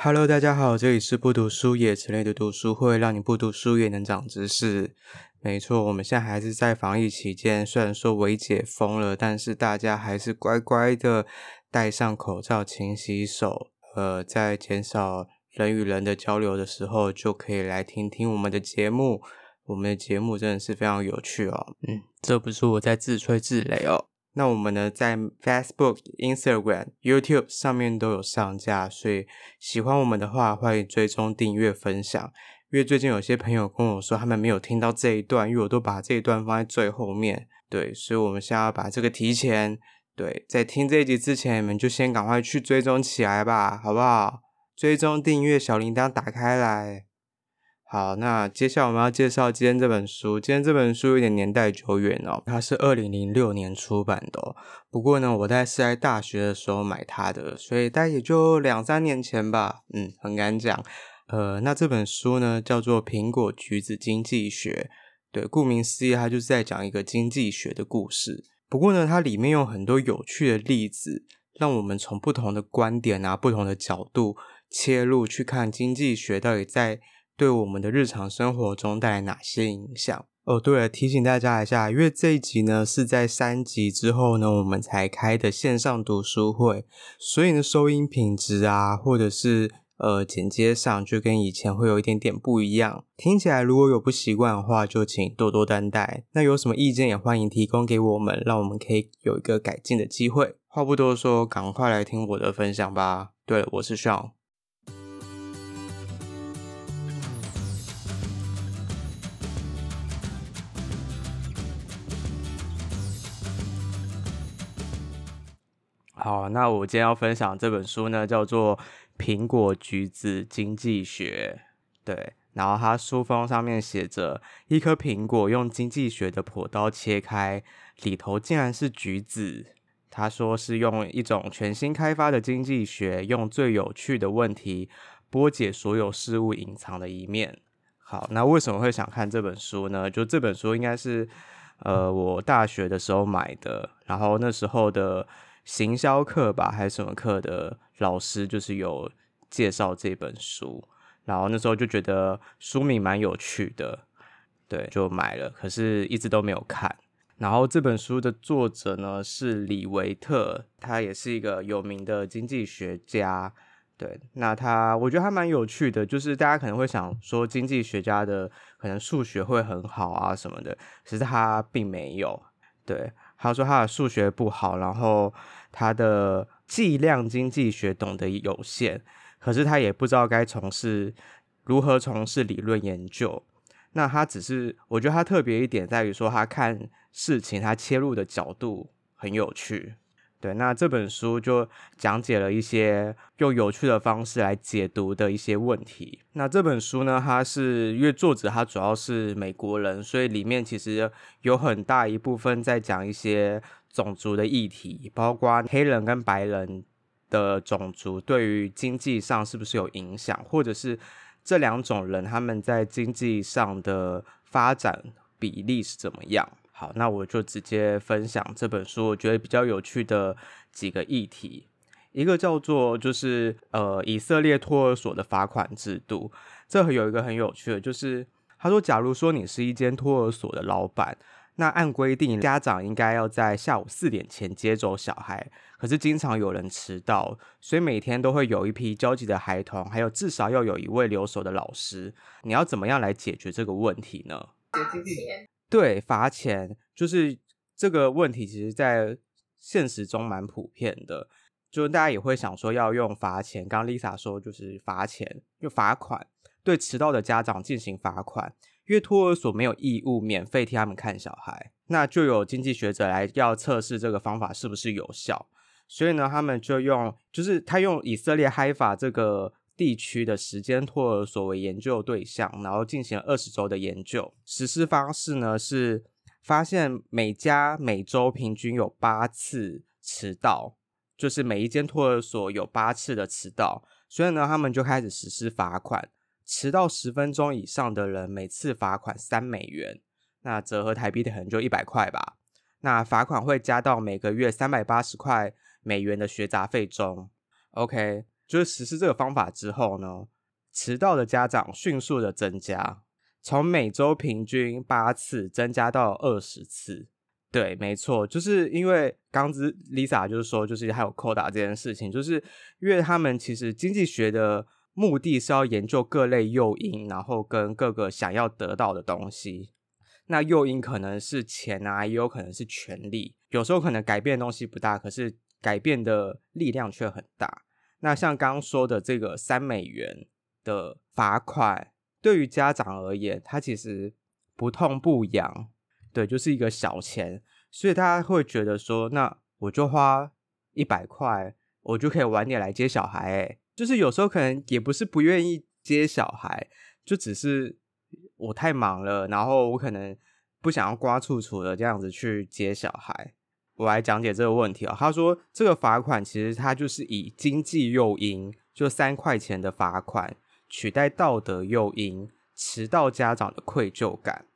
Hello，大家好，這裡是不讀書也成立的讀書會，讓你不讀書也能長知識。沒錯，我們現在還是在防疫期間，雖然說微解封了，但是大家還是乖乖的戴上口罩、勤洗手。呃，在減少人與人的交流的時候，就可以來聽聽我們的節目。我們的節目真的是非常有趣哦。嗯，這不是我在自吹自擂哦。那我們呢，在 Facebook、Instagram、YouTube 上面都有上架，所以喜歡我們的話，歡迎追蹤、訂閱、分享。因為最近有些朋友跟我說，他們沒有聽到這一段，因為我都把這一段放在最後面。對，所以我們先要把這個提前。對，在聽這一集之前，你們就先趕快去追蹤起來吧，好不好？追蹤、訂閱、小鈴鐺打開來。好，那接下來我們要介紹今天這本書。今天這本書有點年代久遠哦，它是二零零六年出版的哦。不過呢，我大概是在大學的時候買它的，所以大概也就兩三年前吧。嗯，很敢講。呃，那這本書呢，叫做《蘋果橘子經濟學》。對，顧名思義，它就是在講一個經濟學的故事。不過呢，它裡面有很多有趣的例子，讓我們從不同的觀點啊、不同的角度切入去看經濟學到底在。對我們的日常生活中帶來哪些影響？哦，對了，提醒大家一下，因為這一集呢是在三集之後呢，我們才開的線上讀書會，所以呢，收音品質啊，或者是呃剪接上，就跟以前會有一點點不一樣。聽起來如果有不習慣的話，就請多多擔待。那有什麼意見也歡迎提供給我們，讓我們可以有一個改進的機會。話不多說，趕快來聽我的分享吧。對了，我是 Shawn。哦，oh, 那我今天要分享這本書呢，叫做《蘋果橘子經濟學》，對。然後它書封上面寫着：“一顆蘋果用經濟學的剖刀切開，裡頭竟然是橘子。”他說是用一種全新開發的經濟學，用最有趣的問題，剝解所有事物隱藏的一面。好，那為什麼會想看這本書呢？就這本書應該是呃，我大學的時候買的，然後那時候的。行銷課吧，還是什麼課的老師，就是有介紹這本書，然後那時候就覺得書名蠻有趣的，對，就買了，可是一直都沒有看。然後這本書的作者呢是李維特，他也是一個有名的經濟學家，對，那他我覺得他蠻有趣的，就是大家可能會想說經濟學家的可能數學會很好啊什麼的，其實他並沒有。對，他說他的數學不好，然後他的計量經濟學懂得有限，可是他也不知道該從事如何從事理論研究。那他只是，我覺得他特別一點在於說，他看事情他切入的角度很有趣。對，那這本書就講解了一些用有趣的方式來解讀的一些問題。那這本書呢，它是，因為作者他主要是美國人，所以裡面其實有很大一部分在講一些種族的議題，包括黑人跟白人的種族對於經濟上是不是有影響，或者是這兩種人他們在經濟上的發展比例是怎麼樣。好，那我就直接分享這本書，我覺得比較有趣的幾個議題。一個叫做就是呃以色列托兒所的罰款制度，這有一個很有趣的，就是他說，假如說你是一間托兒所的老板，那按規定家長應該要在下午四點前接走小孩，可是經常有人遲到，所以每天都會有一批焦急的孩童，還有至少要有一位留守的老師，你要怎麼樣來解決這個問題呢？謝謝對，罰錢就是這個問題，其實在現實中蠻普遍的。就大家也會想說要用罰錢，剛剛 Lisa 說就是罰錢，就罰款對遲到的家長進行罰款，因為托兒所沒有義務免費替他們看小孩。那就有經濟學者來要測試這個方法是不是有效，所以呢，他們就用，就是他用以色列海法這個。地區的時間托兒所為研究對象，然後進行了二十周的研究。實施方式呢，是發現每家每周平均有八次遲到，就是每一間托兒所有八次的遲到，所以呢，他們就開始實施罰款。遲到十分鐘以上的人，每次罰款三美元，那折合台幣的可能就一百塊吧。那罰款會加到每個月三百八十塊美元的學雜費中。OK。就是實施這個方法之後呢，遲到的家長迅速的增加，從每周平均八次增加到二十次。對，沒錯，就是因為剛剛 Lisa 就是說，就是還有扣打這件事情，就是因為他們其實經濟學的目的是要研究各類誘因，然後跟各個想要得到的東西。那誘因可能是錢啊，也有可能是權力，有時候可能改變的東西不大，可是改變的力量卻很大。那像剛剛說的這個三美元的罰款，對於家長而言，他其實不痛不癢，對，就是一個小錢，所以大家會覺得說，那我就花一百塊，我就可以晚點來接小孩。誒，就是有時候可能也不是不願意接小孩，就只是我太忙了，然後我可能不想要刮處處的這樣子去接小孩。我來講解這個問題啊。他說，這個罰款其實他就是以經濟誘因，就三塊錢的罰款取代道德誘因，遲到家長的愧疚感。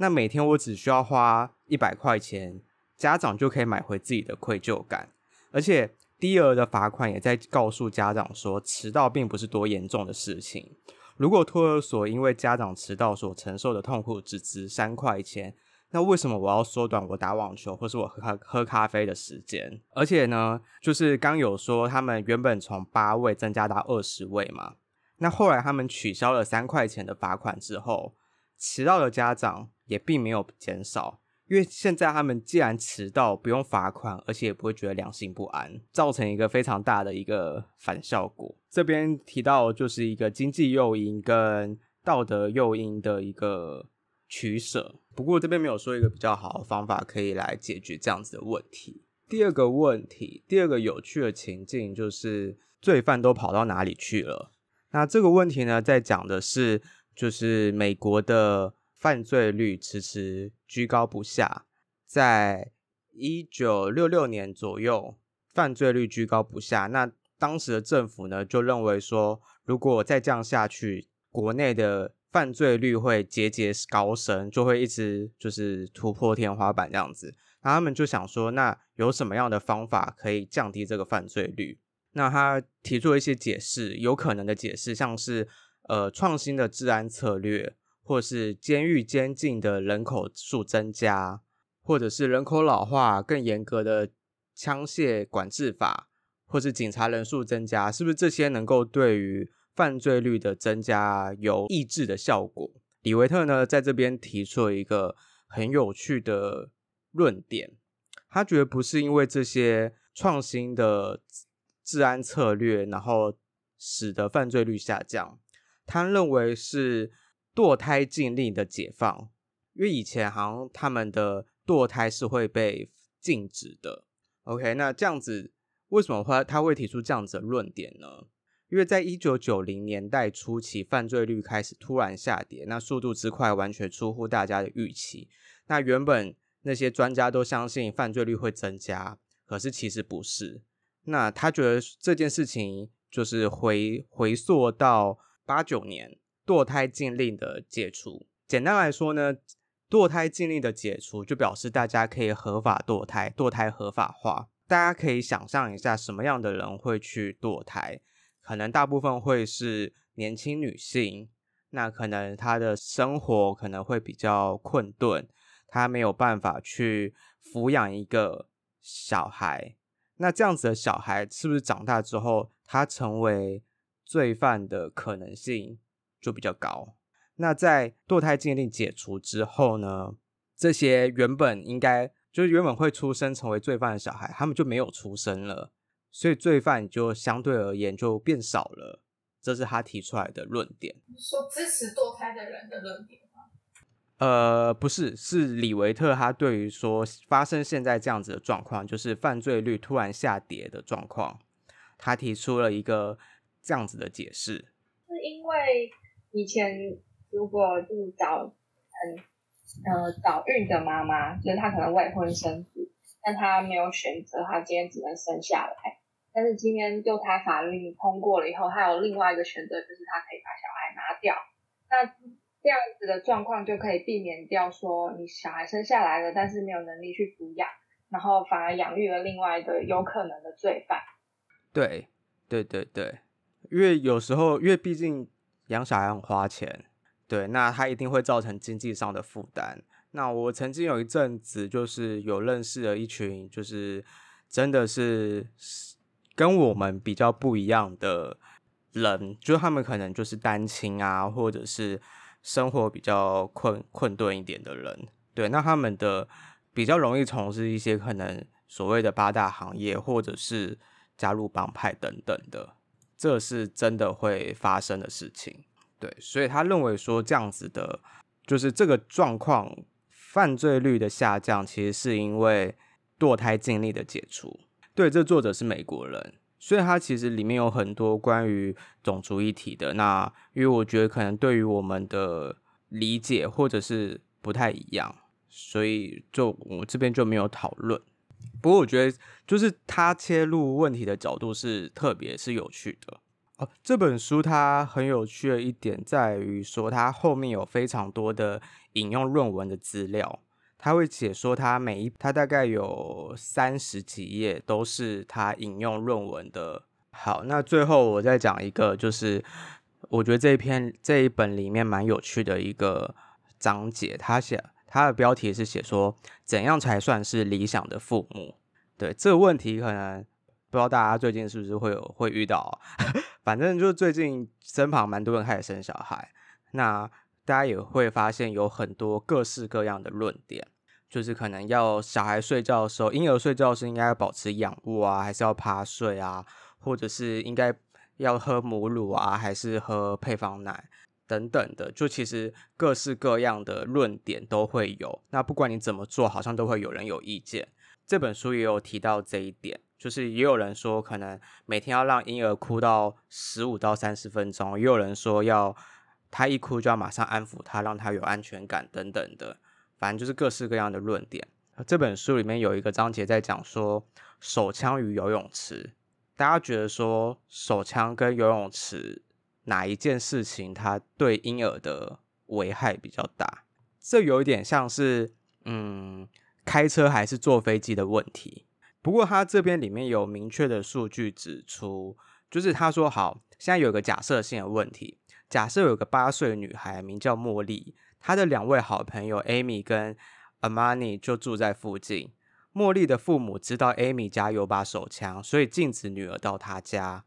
那每天我只需要花一百塊錢，家長就可以買回自己的愧疚感。而且低額的罰款也在告訴家長說，遲到並不是多嚴重的事情。如果托兒所因為家長遲到所承受的痛苦只值三塊錢。那為什麼我要縮短我打網球或是我喝喝咖啡的時間？而且呢，就是剛有說他們原本從八位增加到二十位嘛。那後來他們取消了三塊錢的罰款之後，遲到的家長也並沒有減少，因為現在他們既然遲到不用罰款，而且也不會覺得良心不安，造成一個非常大的一個反效果。這邊提到的就是一個經濟誘因跟道德誘因的一個取捨，不過這邊沒有說一個比較好的方法可以來解決這樣子的問題。第二個問題，第二個有趣的情境就是罪犯都跑到哪裡去了？那這個問題呢，在講的是就是美國的犯罪率遲遲居高不下，在一九六六年左右，犯罪率居高不下。那當時的政府呢，就認為說，如果再這樣下去，國內的犯罪率會節節高升，就會一直就是突破天花板這樣子。那他們就想說，那有什麼樣的方法可以降低這個犯罪率？那他提出一些解釋，有可能的解釋像是呃創新的治安策略，或是監獄監禁的人口數增加，或者是人口老化、更嚴格的槍械管制法，或是警察人數增加，是不是這些能夠對於犯罪率的增加有抑制的效果。李維特呢，在這邊提出了一個很有趣的論點，他覺得不是因為這些創新的治安策略，然後使得犯罪率下降。他認為是墮胎禁令的解放，因為以前好像他們的墮胎是會被禁止的。OK，那這樣子為什麼會他會提出這樣子的論點呢？因為在一九九零年代初期，犯罪率開始突然下跌，那速度之快，完全出乎大家的預期。那原本那些專家都相信犯罪率會增加，可是其實不是。那他覺得這件事情就是回回溯到八九年，墮胎禁令的解除。簡單來說呢，墮胎禁令的解除就表示大家可以合法墮胎，墮胎合法化。大家可以想象一下，什麼樣的人會去墮胎？可能大部分會是年輕女性，那可能她的生活可能會比較困頓，她沒有辦法去撫養一個小孩。那這樣子的小孩是不是長大之後，他成為罪犯的可能性就比較高？那在墮胎禁令解除之後呢？這些原本應該就是原本會出生成為罪犯的小孩，他們就沒有出生了。所以罪犯就相對而言就變少了，這是他提出來的論點。你說支持墮胎的人的論點嗎？呃，不是，是李維特他對於說發生現在這樣子的狀況，就是犯罪率突然下跌的狀況，他提出了一個這樣子的解釋，是因為以前如果就是嗯呃，早孕的媽媽，就是她可能未婚生子，但她沒有選擇，她今天只能生下來。但是今天就他法律通過了以後，他有另外一個選擇，就是他可以把小孩拿掉。那這樣子的狀況就可以避免掉說你小孩生下來了，但是沒有能力去撫養，然後反而養育了另外一個有可能的罪犯。對，對對對，因為有時候，因為畢竟養小孩很花錢，對，那他一定會造成經濟上的負擔。那我曾經有一陣子就是有認識了一群，就是真的是。跟我們比較不一樣的人，就是他們可能就是單親啊，或者是生活比較困困頓一點的人。對，那他們的比較容易從事一些可能所謂的八大行業，或者是加入幫派等等的，這是真的會發生的事情。對，所以他認為說這樣子的，就是這個狀況犯罪率的下降，其實是因為墮胎禁令的解除。對，這作者是美國人，所以他其實裡面有很多關於種族議題的。那因為我覺得可能對於我們的理解或者是不太一樣，所以就我這邊就沒有討論。不過我覺得就是他切入問題的角度是特別是有趣的哦。啊，這本書它，很有趣的一點在於說，它後面有非常多的引用論文的資料。他會解說他每一，他大概有三十幾頁都是他引用論文的。好，那最後我再講一個，就是我覺得這一篇這一本裡面蠻有趣的一個章節，他寫他的標題是寫說怎樣才算是理想的父母，對？對這個問題，可能不知道大家最近是不是會有會遇到、啊， 反正就是最近身旁蠻多人開始生小孩，那。大家也會發現有很多各式各樣的論點，就是可能要小孩睡覺的時候，嬰兒睡覺是應該要保持仰臥啊，還是要趴睡啊，或者是應該要喝母乳啊，還是喝配方奶等等的，就其實各式各樣的論點都會有。那不管你怎麼做，好像都會有人有意見。這本書也有提到這一點，就是也有人說可能每天要讓嬰兒哭到十五到三十分鐘，也有人說要。他一哭就要馬上安撫他，讓他有安全感等等的，反正就是各式各樣的論點。這本書裡面有一個章節在講說手槍與游泳池，大家覺得說手槍跟游泳池哪一件事情它對嬰兒的危害比較大？這有一點像是嗯開車還是坐飛機的問題。不過他這邊裡面有明確的數據指出，就是他說好，現在有個假設性的問題。假設有個八歲的女孩名叫茉莉，她的兩位好朋友 Amy 跟 Amani 就住在附近。茉莉的父母知道 Amy 家有把手槍，所以禁止女兒到她家。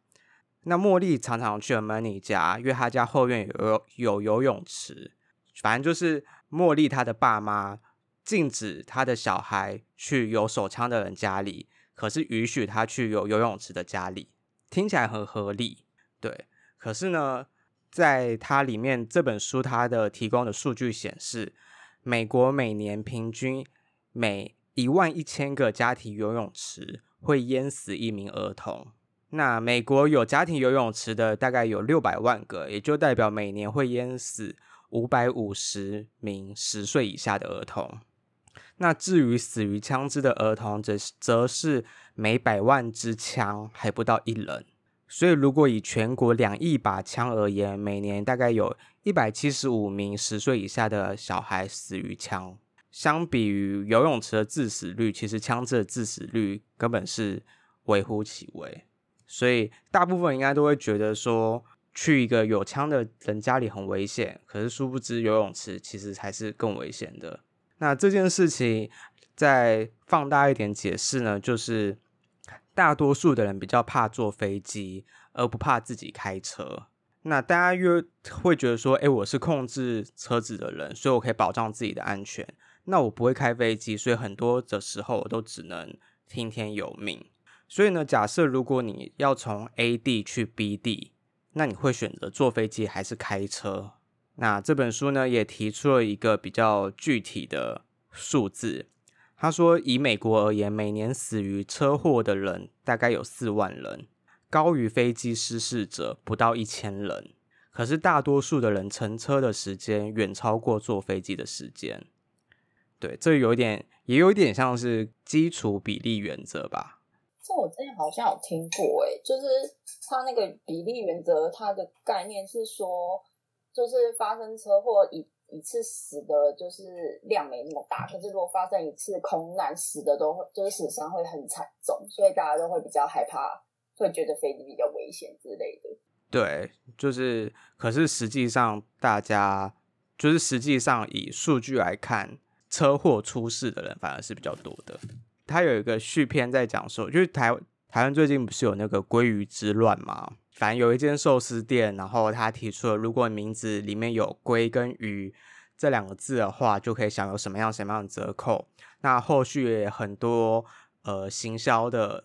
那茉莉常常去 Amani 家，因為她家後院有有游泳池。反正就是茉莉她的爸媽禁止她的小孩去有手槍的人家裡，可是允許她去有游泳池的家裡。聽起來很合理，對？可是呢？在它裡面這本書，它的提供的數據顯示，美國每年平均每一萬一千個家庭游泳池會淹死一名兒童。那美國有家庭游泳池的大概有六百萬個，也就代表每年會淹死五百五十名十歲以下的兒童。那至於死於槍支的兒童，則則是每百萬支槍還不到一人。所以，如果以全國兩億把槍而言，每年大概有一百七十五名十歲以下的小孩死於槍。相比於游泳池的致死率，其實槍支的致死率根本是微乎其微。所以，大部分應該都會覺得說，去一個有槍的人家裡很危險。可是，殊不知游泳池其實才是更危險的。那這件事情再放大一點解釋呢，就是。大多數的人比較怕坐飛機，而不怕自己開車。那大家又會覺得說：“哎，我是控制車子的人，所以我可以保障自己的安全。那我不會開飛機，所以很多的時候我都只能聽天由命。”所以呢，假設如果你要從 A 地去 B 地，那你會選擇坐飛機還是開車？那這本書呢，也提出了一個比較具體的數字。他說：“以美國而言，每年死於車禍的人大概有四萬人，高於飛機失事者不到一千人。可是大多數的人乘車的時間遠超過坐飛機的時間。對，這有點，也有點像是基礎比例原則吧？這我之前好像有聽過、欸，哎，就是他那個比例原則，他的概念是說，就是發生車禍以。”一次死的就是量沒那麼大，可是如果發生一次空難，死的都會就是死傷會很慘重，所以大家都會比較害怕，會覺得飛機比較危險之類的。對，就是可是實際上大家就是實際上以數據來看，車禍出事的人反而是比較多的。他有一個續篇在講說，就是台灣。台灣最近不是有那個鮭魚之亂嗎？反正有一間壽司店，然後他提出了，如果名字裡面有“鮭”跟“魚”這兩個字的話，就可以享有什麼樣什麼樣的折扣。那後續也很多呃行銷的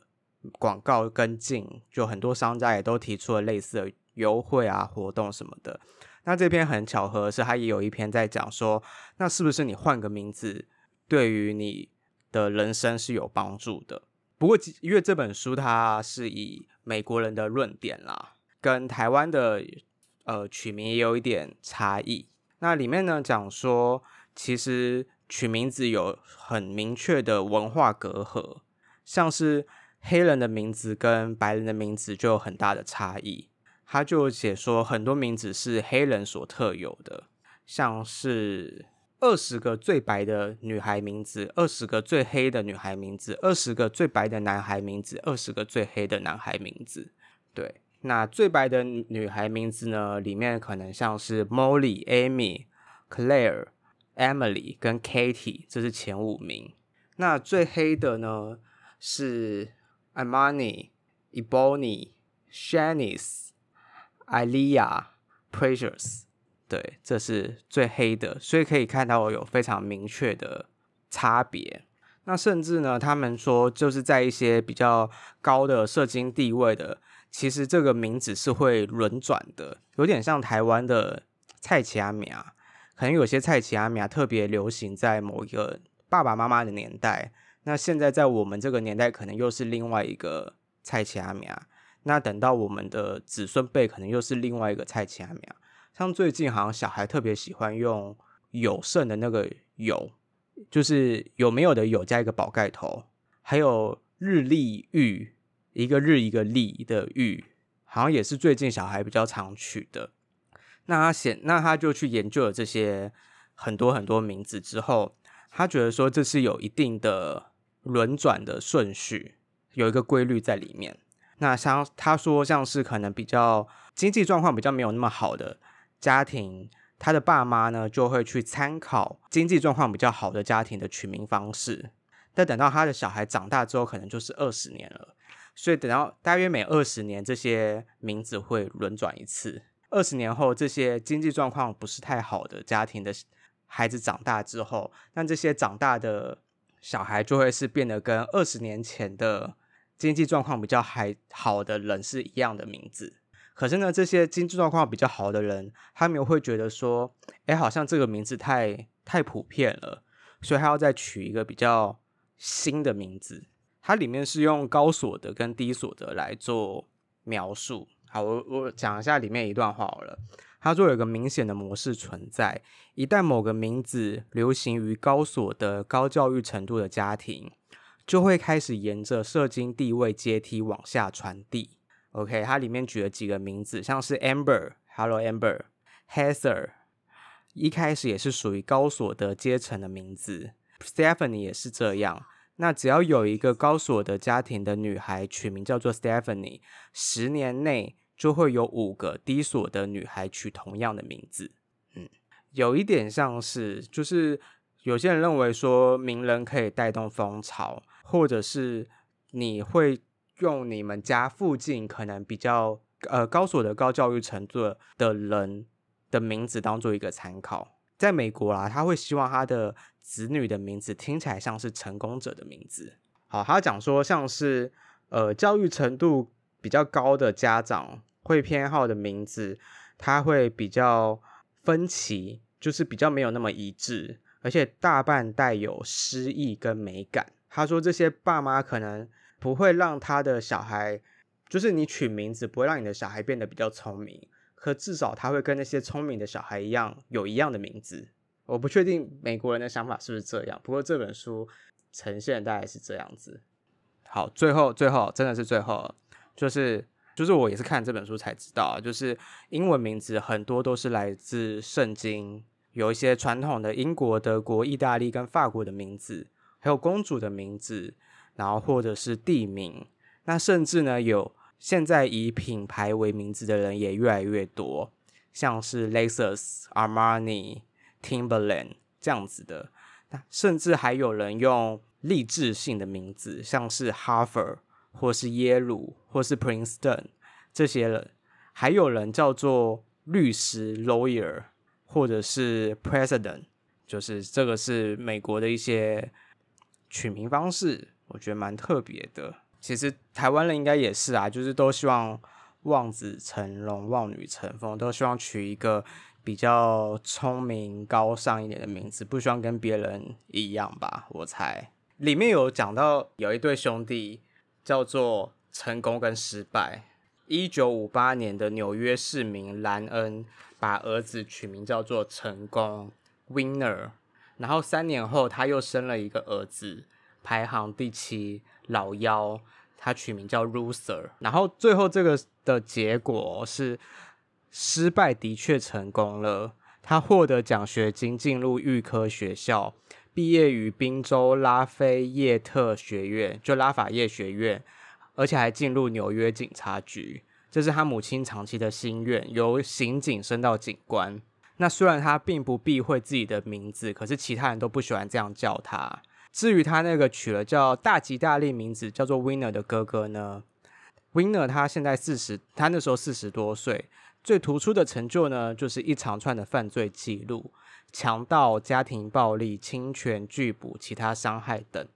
廣告跟進，就很多商家也都提出了類似的優惠啊活動什麼的。那這篇很巧合的是，他也有一篇在講說，那是不是你換個名字，對於你的人生是有幫助的？不過，因為這本書它是以美國人的論點啦，跟台灣的呃取名也有一點差異。那裡面呢講說，其實取名字有很明確的文化隔閡，像是黑人的名字跟白人的名字就有很大的差異。他就寫說很多名字是黑人所特有的，像是。二十個最白的女孩名字，二十個最黑的女孩名字，二十個最白的男孩名字，二十個最黑的男孩名字。對，那最白的女孩名字呢？裡面可能像是 Molly、Amy、Claire、Emily 跟 Katie，這是前五名。那最黑的呢？是 Imani Ebony、Shanice、Aaliyah、Precious。對，這是最黑的，所以可以看到我有非常明確的差別。那甚至呢，他們說就是在一些比較高的社經地位的，其實這個名字是會輪轉的，有點像台灣的菜市仔名。可能有些菜市仔名特別流行在某一個爸爸媽媽的年代，那現在在我們這個年代可能又是另外一個菜市仔名，那等到我們的子孫輩可能又是另外一個菜市仔名。像最近好像小孩特別喜歡用有勝的那個有，就是有沒有的有加一個寶蓋頭，還有日立玉，一個日一個立的玉，好像也是最近小孩比較常取的。那他寫，那他就去研究了這些很多很多名字之後，他覺得說這是有一定的輪轉的順序，有一個規律在裡面。那像他說像是可能比較經濟狀況比較沒有那麼好的家庭，他的爸媽呢就會去參考經濟狀況比較好的家庭的取名方式。但等到他的小孩長大之後，可能就是二十年了。所以等到大約每二十年，這些名字會輪轉一次。二十年後，這些經濟狀況不是太好的家庭的孩子長大之後，那這些長大的小孩就會是變得跟二十年前的經濟狀況比較還好的人是一樣的名字。可是呢，這些經濟狀況比較好的人，他們會覺得說：“哎，好像這個名字太太普遍了，所以他要再取一個比較新的名字。”它裡面是用高所得跟低所得來做描述。好，我我講一下裡面一段話好了。他說，有一個明顯的模式存在：一旦某個名字流行於高所得、高教育程度的家庭，就會開始沿着社經地位階梯往下傳遞。OK，它裡面舉了幾個名字，像是 Amber，Hello Amber，Heather，一開始也是屬於高所得階層的名字，Stephanie 也是這樣。那只要有一個高所得家庭的女孩取名叫做 Stephanie，十年內就會有五個低所得女孩取同樣的名字。嗯，有一點像是，就是有些人認為說名人可以帶動風潮，或者是你會。用你們家附近可能比較呃高所得高教育程度的人的名字當做一個參考，在美國啦，啊，他會希望他的子女的名字聽起來像是成功者的名字。好，他講說像是呃教育程度比較高的家長會偏好的名字，他會比較分歧，就是比較沒有那麼一致，而且大半帶有詩意跟美感。他說這些爸媽可能。不會讓他的小孩，就是你取名字不會讓你的小孩變得比較聰明，可至少他會跟那些聰明的小孩一樣，有一樣的名字。我不確定美國人的想法是不是這樣，不過這本書呈現的大概是這樣子。好，最後最後真的是最後，就是就是我也是看這本書才知道，就是英文名字很多都是來自聖經，有一些傳統的英國、德國、意大利跟法國的名字，還有公主的名字。然後，或者是地名，那甚至呢，有現在以品牌為名字的人也越來越多，像是 l a x e r s Armani、Timberland 這樣子的。那甚至還有人用勵志性的名字，像是 Harvard 或是耶魯或是 Princeton 這些人，還有人叫做律師 （lawyer） 或者是 President，就是這個是美國的一些取名方式。我覺得蠻特別的。其實台灣人應該也是啊，就是都希望望子成龍、望女成鳳，都希望取一個比較聰明、高尚一點的名字，不希望跟別人一樣吧？我猜裡面有講到有一對兄弟叫做成功跟失敗。一九五八年的紐約市民蘭恩把兒子取名叫做成功 （Winner），然後三年後他又生了一個兒子。排行第七老幺，他取名叫 Loser。然後最後這個的結果是失敗的確成功了，他獲得獎學金進入預科學校，畢業於賓州拉斐耶特學院，就拉法葉學院，而且還進入紐約警察局。這是他母親長期的心願，由刑警升到警官。那雖然他並不避諱自己的名字，可是其他人都不喜歡這樣叫他。至於他那個取了叫大吉大利名字叫做 Winner 的哥哥呢，Winner 他現在四十，他那時候四十多歲，最突出的成就呢就是一長串的犯罪記錄，強盜、家庭暴力、侵權、拒捕、其他傷害等，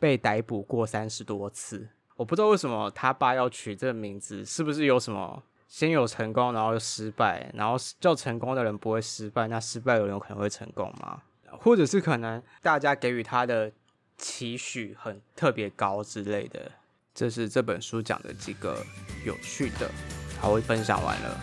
被逮捕過三十多次。我不知道為什麼他爸要取這個名字，是不是有什麼先有成功，然後又失敗，然後叫成功的人不會失敗，那失敗的人有可能會成功嗎？或者是可能大家給予他的。期許很特別高之類的，這是這本書講的幾個有趣的。好，我分享完了。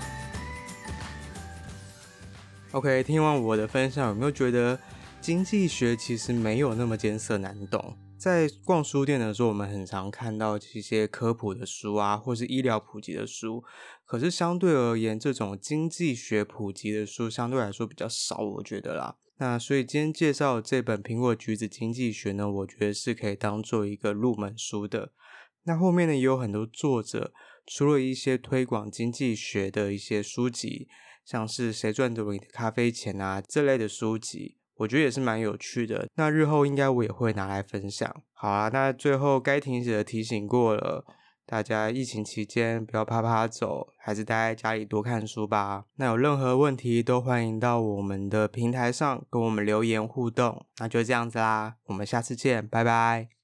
OK，聽完我的分享，有沒有覺得經濟學其實沒有那麼艱澀難懂？在逛書店的時候，我們很常看到一些科普的書啊，或是醫療普及的書，可是相對而言，這種經濟學普及的書相對來說比較少，我覺得啦。那所以今天介紹這本《蘋果橘子經濟學》呢，我覺得是可以當做一個入門書的。那後面呢也有很多作者，除了一些推廣經濟學的一些書籍，像是誰賺走了你的咖啡錢啊這類的書籍，我覺得也是蠻有趣的。那日後應該我也會拿來分享。好啊，那最後該提醒的提醒過了。大家疫情期間不要趴趴走，還是待在家裡多看書吧。那有任何問題都歡迎到我們的平台上跟我們留言互動。那就這樣子啦，我們下次見，拜拜。